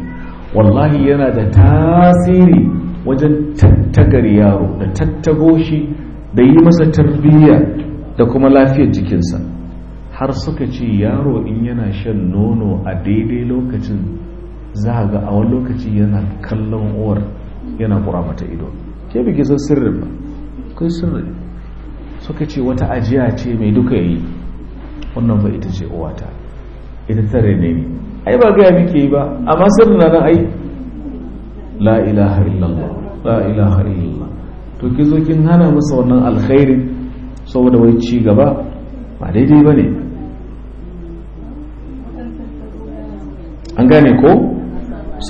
wallahi yana da tasiri wajen tattagar yaro da tattago shi da yi masa tarbiyya da kuma lafiyar jikinsa har suka ce yaro in yana shan nono a daidai lokacin za a ga a wani lokaci yana kallon uwar yana kura mata ido ke bi san sirrin ba kai sirri suka ce wata ajiya ce mai duka yi wannan ba ita ce uwata ita tare ne ai ba gaya muke yi ba amma na nan ai la ilaha illallah la ilaha illallah to ki zo kin hana masa wannan alkhairi saboda wai ci gaba ba daidai ba ne an gane ko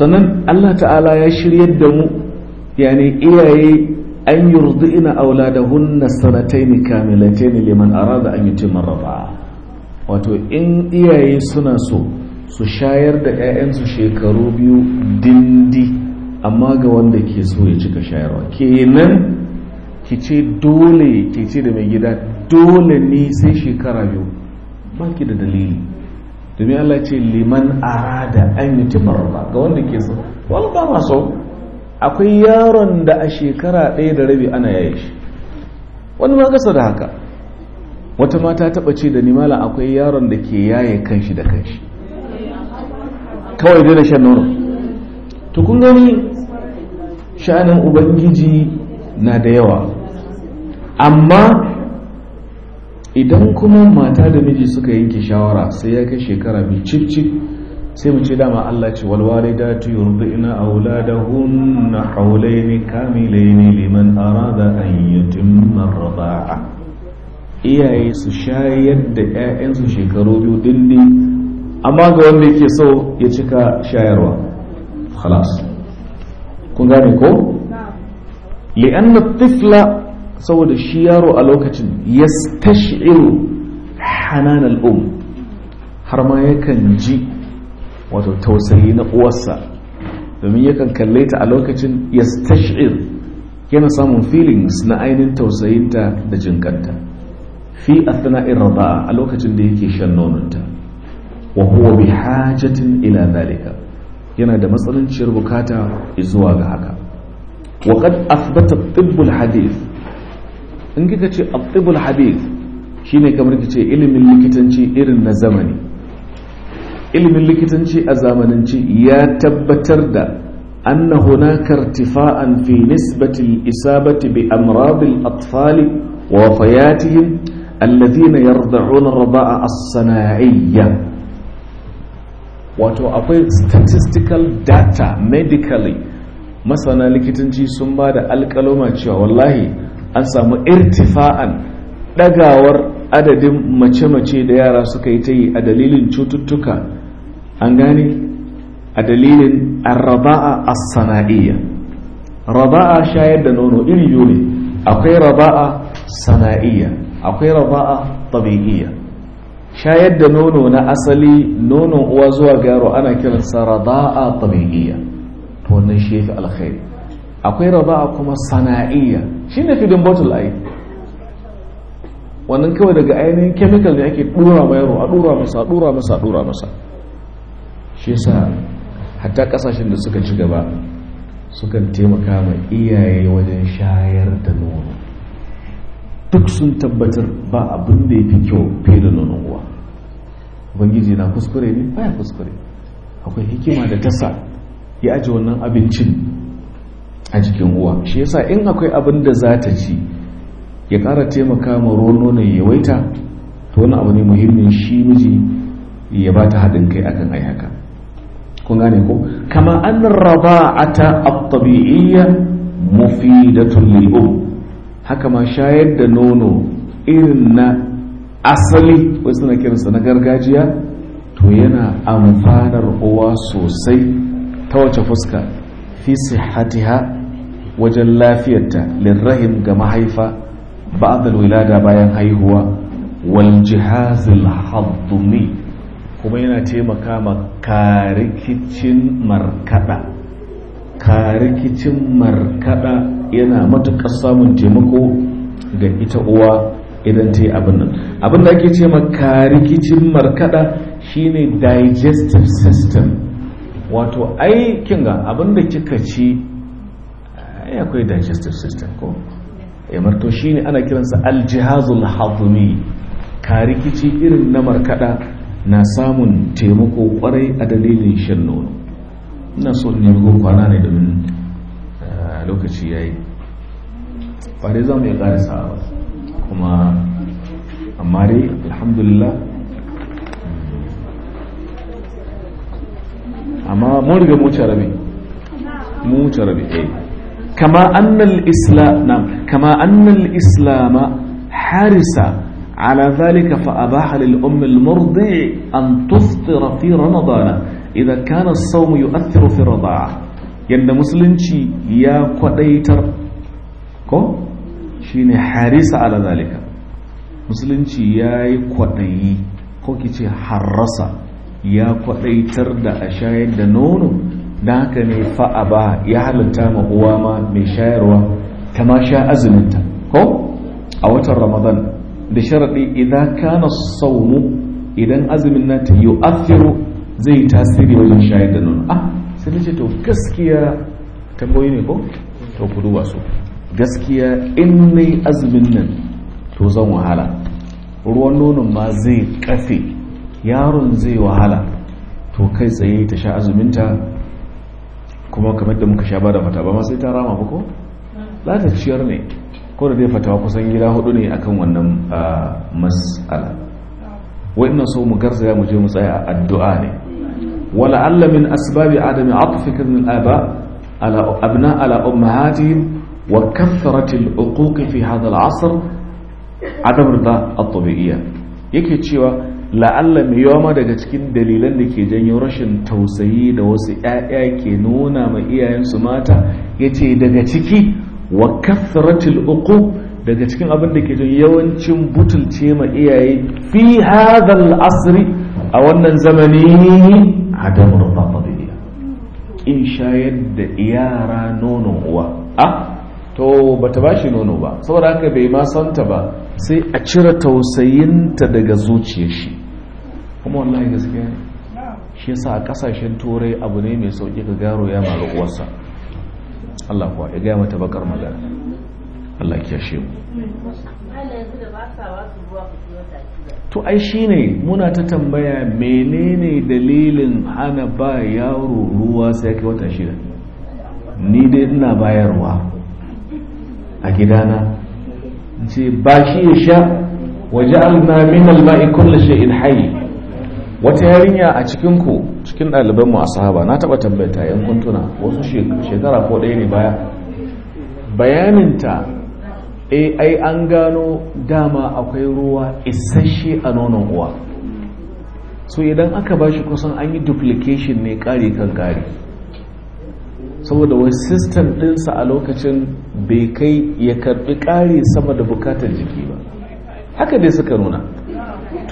sannan Allah ta'ala ya shiryar da mu yani iyaye an ina auladahunna sanatayn kamilatayn liman arada an yutimma rafa'a wato in iyaye suna so su shayar da 'ya'yansu shekaru biyu dindi amma ga wanda ke so ya cika shayarwa kenan ki ce dole ki ce da mai gida dole ne sai shekara biyu ba ki da dalili domin Allah ce liman arada an yi ba ga wanda ke so wani ba maso akwai yaron da a shekara ɗaya da rabi ana yaye shi wani ma gasa da haka wata mata taɓa ce da nimala akwai yaron da ke yaye kanshi da kanshi kawai daina shan nono to kun gani shanin ubangiji na da yawa amma idan kuma mata da miji suka yanke shawara sai ya kai shekara mai cicci sai mu ce dama Allah ce walwale da tu haulai ne kamilai ne liman yi an yutimma iyaye su shayar da 'ya'yansu shekaru biyu dindin amma ga wanda yake so ya cika shayarwa khalas kun gane ko li'anna tifla saboda shi yaro a lokacin yastashiru hanan al'um har ma yakan ji wato tausayi na uwarsa domin yakan kalle ta a lokacin yastashir yana samun feelings na ainihin tausayinta da jinkanta fi sana'in rabaa a lokacin da yake shan nononta وهو بحاجة إلى ذلك هنا ده مثلا شير بكاتا إزوا بحكا وقد أثبت الطب الحديث إنك تشي الطب الحديث شين كمر تشي من اللي كتنشي إرن زمني إلم اللي كتنشي أزامننشي يا تبتر ده أن هناك ارتفاعا في نسبة الإصابة بأمراض الأطفال ووفياتهم الذين يرضعون الرضاء الصناعية wato akwai statistical data medically masana likitanci sun ba da alkaloma cewa wallahi an samu irtifa'an dagawar adadin mace-mace da yara suka yi ta yi a dalilin cututtuka an gane a dalilin arraba'a a sana'iyya raba'a shayar da nono iri yuri akwai raba'a sana'iyya akwai raba'a tabi'iyya shayar da nono na asali nonon uwa zuwa garo ana kiran sa rada'a tabi'iyya to wannan shi yake alkhairi akwai rada'a kuma sana'iyya shine feeding bottle ai wannan kawai daga ainihin chemical ne ake dura ma yaro a dura masa dura masa dura masa shi yasa hatta kasashen da suka ci gaba sukan taimaka ma iyaye wajen shayar da nono duk sun tabbatar ba abin da ya fi kyau fiye da nonon uwa ubangiji na kuskure ne baya kuskure akwai hikima da ta sa ya aji wannan abincin a jikin uwa shi yasa in akwai abin da za ta ci ya ƙara taimaka ma ruwan nonon ya waita to wani abu ne muhimmin shi miji ya ba ta haɗin kai akan ai haka kun gane ko kama an raba'ata at-tabi'iyya mufidatun lil'um haka ma shayar da nono irin na asali wasu na kiransa na gargajiya to yana amfanar uwa sosai ta wace fuska fi sihatiha wajen lafiyarta lirrahim ga mahaifa da wilada bayan haihuwa wal jihazil haddumi kuma yana taimaka ma karikicin markada karikicin markada yana matuƙar samun taimako ga ita uwa idan ta yi abin nan abin da ake ce maka rikicin markaɗa shine digestive system wato ai kinga abin da kika ci ai akwai digestive system ko yamar to shine ana kiransa aljihazul hazmi ka rikici irin na markaɗa na samun taimako kwarai a dalilin shan nono ina so ne kwana ne domin lokaci ya yi ƙware za mu yi ƙari sa'a kuma amma dai alhamdulillah amma mun riga mu rabi mu rabi eh kama annal islam kama annal islam harisa على ذلك فأباح للأم المرضع أن تفطر في رمضان إذا كان الصوم يؤثر في الرضاعة yadda musulunci ya kwadaitar ko ne harisa ala zalika musulunci ya yi kwaɗayi ko kice harrasa ya kwaɗaitar da a shayar da nono da haka ne fa'a ba ya halitta ma uwa ma mai shayarwa ta ma sha azuminta ko a watan ramadan da sharaɗi idan kana saumu idan azumin nata yi zai tasiri wajen shayar da nono a ah, sai ta ce to gaskiya tamboyi ne ko to ku duba su gaskiya in mai azumin nan to zan wahala ruwan nonon ma zai kafe yaron zai wahala to kai tsaye ta sha azuminta kuma kamar da muka sha ba da fata ba ma sai ta rama ba ko za ta ciyar ne ko da dai fatawa kusan gida hudu ne akan wannan ah, mas'ala ina so mu garza ya mu je mu tsaya addu'a ne ولعل من أسباب عدم عطفك من الآباء على أبناء على أمهاتهم وكثرة العقوق في هذا العصر عدم رضا الطبيعية yake cewa la'alla mai yawa ma daga cikin dalilan da ke janyo rashin tausayi da wasu 'ya'ya ke nuna ma iyayensu mata ya ce daga ciki wa kathratil uku daga cikin abin da ke janyo yawancin butulce ma iyaye fi hadal asri a wannan zamani adamu rufata da iya in shayar da yara nono uwa a ah? to bata ba shi nono ba saboda haka bai ma santa ba sai a cire tausayinta daga zuciyar shi kuma wallahi gaskiya ne shi yasa a kasashen turai abu ne mai sauki ga garo ya mara uwarsa Allah kuwa ya gaya mata bakar magana Allah ya mu to ai ne muna ta tambaya menene dalilin hana ba yaro ruwa sai ka wata shida ni dai ina bayarwa a gidana ce ba shi ya sha waje min alma'i shi in hayi wata yarinya a cikin cikin ɗaliban mu a sahaba na taɓa tambayta yan kuntuna wasu shekara ko ɗaya ne baya bayaninta e ai an gano dama akwai ruwa isasshe a nonon uwa so idan aka ba shi kusan an yi duplication ne kari kan kari saboda wani system ɗinsa a lokacin bai kai ya karɓi kari sama da bukatar jiki ba haka dai suka nuna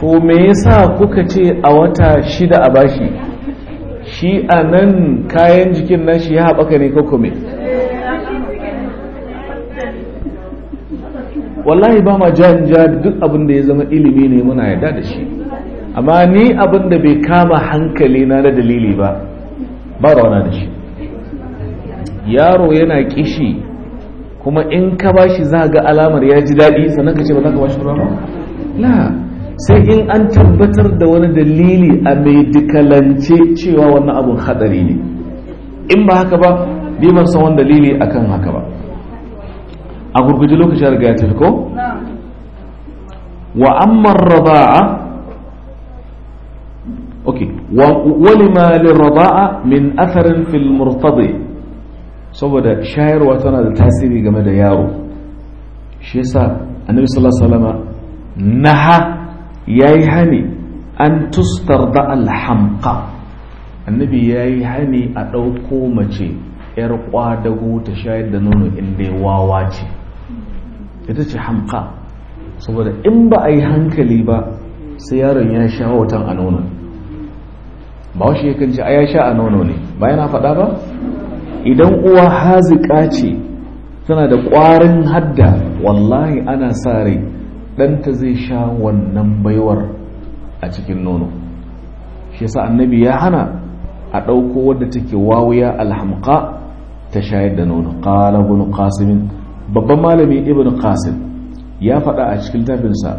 to me yasa kuka ce a wata shida a bashi shi a nan kayan jikin nashi ya haɓaka ne ka kome wallahi ba ma jan jari duk abin da ya zama ilimi ne muna yarda da shi amma ni abin da bai kama hankali na da dalili ba ba rawana da shi yaro yana kishi kuma in ka bashi za ga alamar ya ji daɗi sannan ka ce ba za ka bashi ba la sai in an tabbatar da wani dalili a mai dukalance cewa wannan abun hadari ne in ba haka ba bi ban wani dalili akan haka ba أقول بدلوك شارقاتلكو نعم وأما الرضاعة أوكي ولما للرضاعة من أثر في المرتضي سوف شاعر واتنا التحسيني قم ديارو شيسا النبي صلى الله عليه وسلم نهى يايهني أن تسترضع الحمقى النبي يايهني أدوكو مجي إرقوا دقو تشاهد دنونو إندي واواجي ita ce hamka saboda in ba a yi hankali ba sai yaron ya sha watan a nono ba washe yakan ce a ya sha a nono ne ba yana faɗa ba idan uwa hazika ce tana da ƙwarin hadda wallahi ana sa rai ɗanta zai sha wannan baiwar a cikin nono shi yasa annabi ya hana a ɗauko wadda take wawuya alhamka ta shayar da nono ƙala ƙasimin babban malami ibn qasim ya faɗa a cikin tafinsa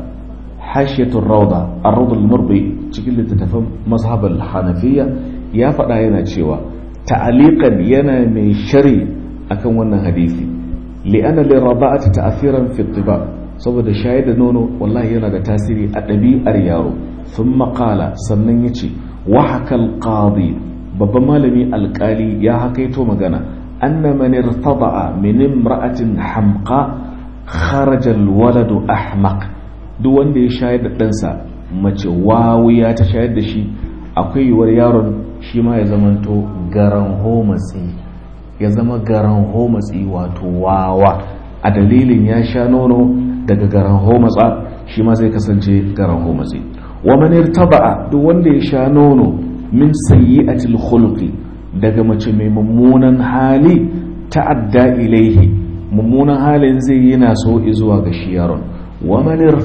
hashiyatul rauda a raudar murbi cikin littattafan mazhabar hanafiya ya faɗa yana cewa ta'aliƙan yana mai shari akan wannan hadisi li'ana liraba'ati ta'athiran fi tiba saboda shayar da nono wallahi yana da tasiri a ɗabi'ar yaro sun maƙala sannan ya ce wa haka babban malami alƙali ya hakaito magana أن من ارتضع من امرأة حمقاء خرج الولد أحمق duk wanda ya shayar da ɗansa mace wawuya ta shayar da shi akwai yiwuwar yaron shi ya zama garan homatsi wato wawa a dalilin ya sha nono daga garan homatsa shi zai kasance garan homatsi wa manir taba'a duk wanda ya sha nono min sayyi'atil khuluqi daga mace mai mummunan hali ta'adda ilaihi mummunan halin zai yi na so zuwa ga shi yaron wa manir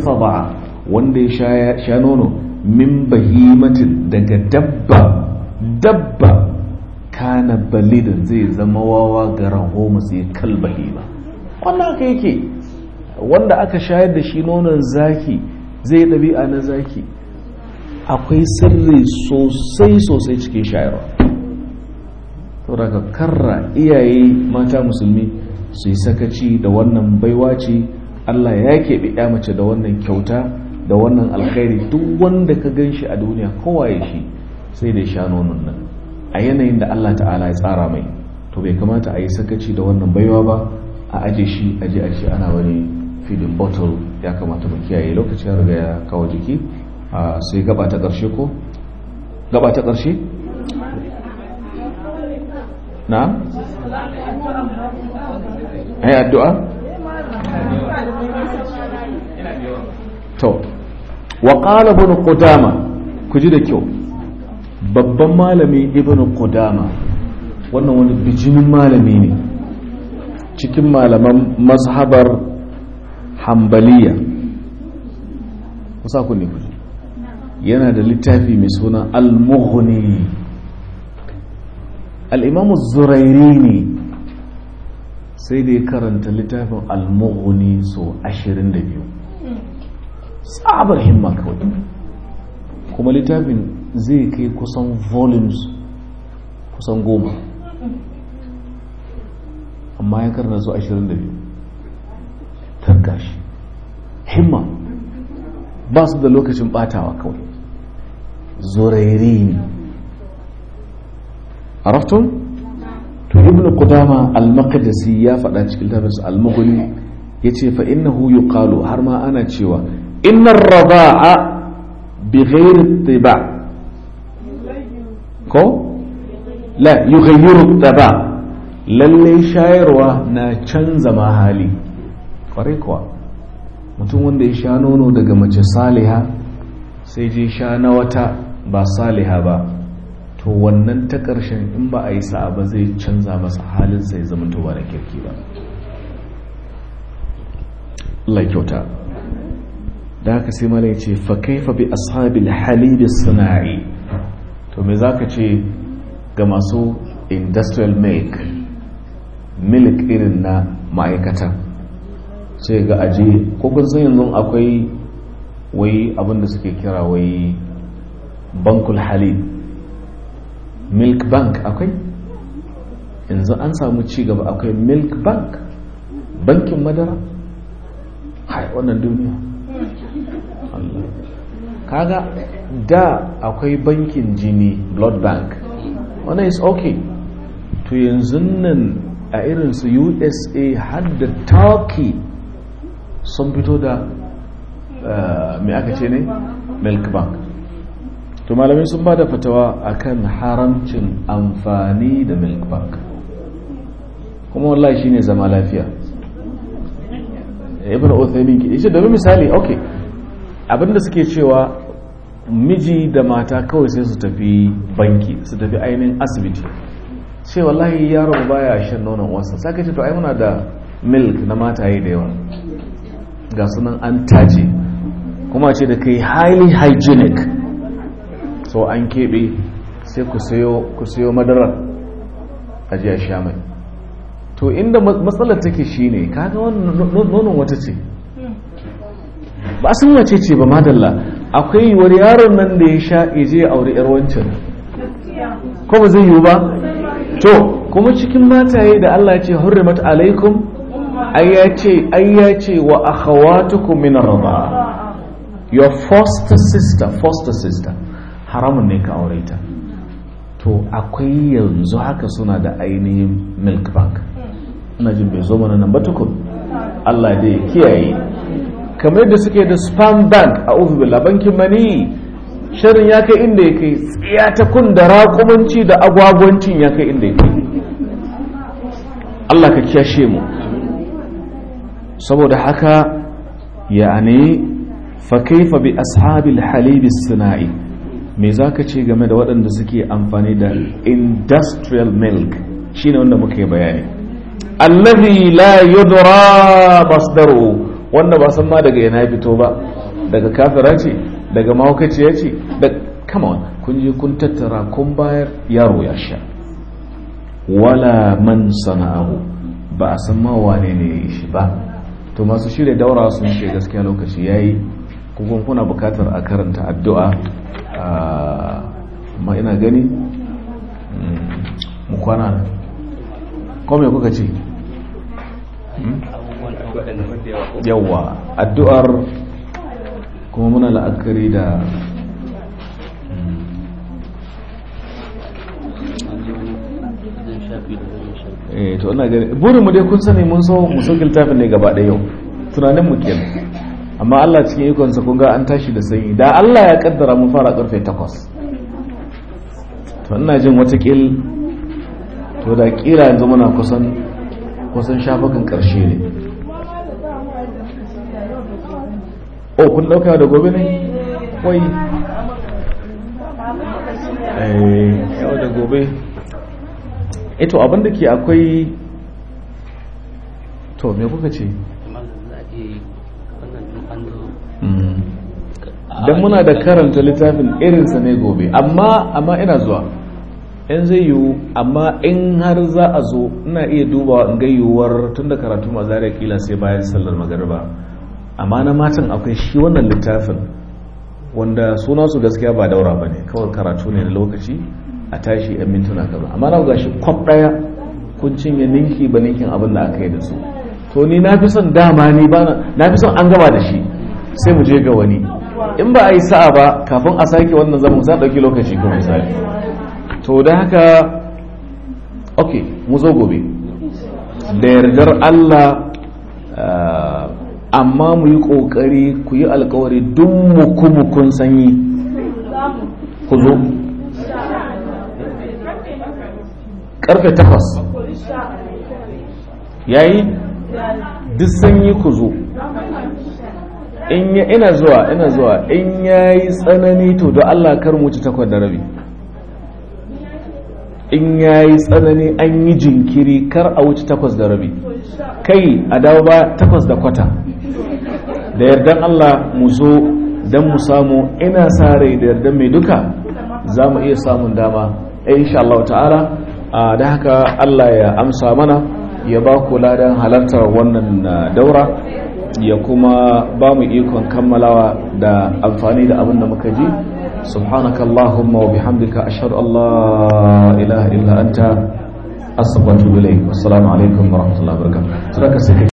wanda ya sha nono min bahimatin daga dabba dabba kana balidin zai zama wawa ga raho sai kal ba. wannan aka yake wanda aka shayar da shi nonon zaki zai ɗabi'a na zaki akwai sirri sosai sosai cikin shayarwa saboda karra iyaye mata musulmi su yi sakaci da wannan baiwa ce Allah ya keɓe ya mace da wannan kyauta da wannan alkhairi duk wanda ka gan shi a duniya kowaye shi sai da sha nonon nan a yanayin da Allah ta'ala ya tsara mai to bai kamata a yi sakaci da wannan baiwa ba a aje shi aje a ce ana wani filin bottle ya kamata mu kiyaye lokacin ya riga kawo jiki ah, sai gaba ta ƙarshe ko gaba ta ƙarshe na? ai addu'a? Ah? to wa qala ibn qudama ku ji da kyau babban malami ibn qudama wannan wani bijimin malami ne cikin malaman mazhabar hambaliya sa ku ne yana da littafi mai suna al-mughni al'imamu zurairi ne sai da ya karanta littafin al-mughni so 22 tsabar himma kawai kuma littafin zai kai kusan volumes kusan goma amma ya karanta so 22 tarka shi himma ba su da lokacin batawa kawai zurairi ne عرفتم to ibn qudama al-maqdisi ya faɗa cikin tafsir al ya ce fa innahu yuqalu har ma ana cewa innar radaa bighayr ittiba ko la yughayyiru shayarwa na canza mahali mutum wanda ya sha nono daga mace saliha sai je sha na wata ba saliha ba to wannan ta ƙarshen in ba a yi sa'a ba zai canza masa halin sai zama to na kirki ba Allah kyauta da haka sai mala ce fa kaifa bi ashabil halibi sana'i to me zaka ce ga masu industrial milk milk irin na ma'aikata sai ga aje ko kun san yanzu akwai wai abin da suke kira wai bankul halib milk bank akwai yanzu an samu cigaba akwai milk bank bankin madara hai wannan duniya kaga da akwai bankin jini blood bank wannan is okay to yanzu nan a irinsu usa har da turkey sun fito da eh, mai aka ce ne milk bank to malamai sun ba da fatawa akan haramcin amfani da milk bank kuma wallahi shine zama lafiya eh, ibn uthaymin ki ce domin misali okay abinda suke cewa miji da mata kawai sai su tafi banki su tafi ainihin asibiti ce wallahi yaron baya shan nonon wasa saka ce to ai muna da milk na yi da yawa ga sunan an taje. kuma ce da kai highly hygienic so an keɓe sai ku sayo madara madarar ajiya sha mai to inda matsalar take shi shine kaga nonon wata ce ba a wace ce ba madalla akwai yiwuwar yaron nan da ya sha ije a wuri yar wancan ko ba zai yiwu ba to kuma cikin mataye da Allah ya ce hurrimat alaikum ai ya ce wa akhawatukum min ar-rida your foster sister foster sister haramun ne ka aure ta to akwai yanzu haka suna da ainihin milk bank ina jin bai zo mana nan ba tukun Allah dai kiyaye kamar da suke da spam bank a ofibila bankin mani shirin ya kai inda ya kai tsiya ta kun da raƙumanci da agwagwancin ya kai inda ya kai Allah ka kiyashe mu saboda haka ya ne fa kaifa bi ashabil halibi sina'i me za ka ce game da waɗanda suke amfani da industrial milk Shi ne wanda muke bayani allazi la yudra basdaru wanda ba san ma daga yana fito ba daga kafira ce daga ya ce da come on kun ji kun tattara kun bayar yaro ya sha wala man sana'ahu ba a san ma wane ne shi ba to masu shirya daura sun ce gaskiya lokaci ya yi. kuma kuna bukatar a karanta addu'a ma ina gani mm, mu kwana nan kome kuka ce hmm? yawa addu'ar kuma muna la'akari da mm. eh to ina dai kun sani mun so mu so ne gaba ɗaya yau mu kenan amma Allah cikin ikonsa kun ga an tashi da sanyi da Allah ya kaddara mun fara karfe 8 to ina jin watakil to da kira yanzu muna kusan kusan shafakan karshe ne oh kun dauka da gobe ne wai eh yau da gobe eh, abin abinda ke akwai to me kuka ce don muna da karanta littafin irinsa ne gobe amma amma ina zuwa in zai yiwu amma in har za a zo ina iya duba in ga yiwuwar tun da karatu ma zariya kila sai bayan sallar magariba amma na matan akwai shi wannan littafin wanda suna su gaskiya ba daura ba ne kawai karatu ne na lokaci a tashi a mintuna gaba amma na ga shi kwab ɗaya kun cinye ninki ba ninkin abin da aka yi da su to ni na fi son dama ni ba na fi son an gaba da shi sai mu je ga wani in ba a yi sa'a ba kafin a sake wannan zama za ɗauki lokaci kuma misali to da haka ok mu zo gobe da yardar allah eh, amma mu yi ƙoƙari ku yi alkawari duk mukumukun sanyi ku zo ƙarfe takwas yayi duk sanyi ku zo in ina zuwa ina zuwa in yayi tsanani to don Allah kar mu ci takwas da rabi in yi tsanani an yi jinkiri kar a wuce takwas da rabi kai a dawo ba takwas da kwata da yardan Allah mu zo don mu samu ina sa rai da yardan mai duka za mu iya samun dama eh, insha Allah ta'ala da haka Allah ya amsa mana ya ba kula ladan halartar wannan daura ya kuma ba mu ikon kammalawa da amfani da abin da muka ji subhanakallahumma wa bihamdika ashhadu an la ilaha illa anta astaghfiruka wa atubu ilayk assalamu alaikum wa rahmatullahi wa barakatuh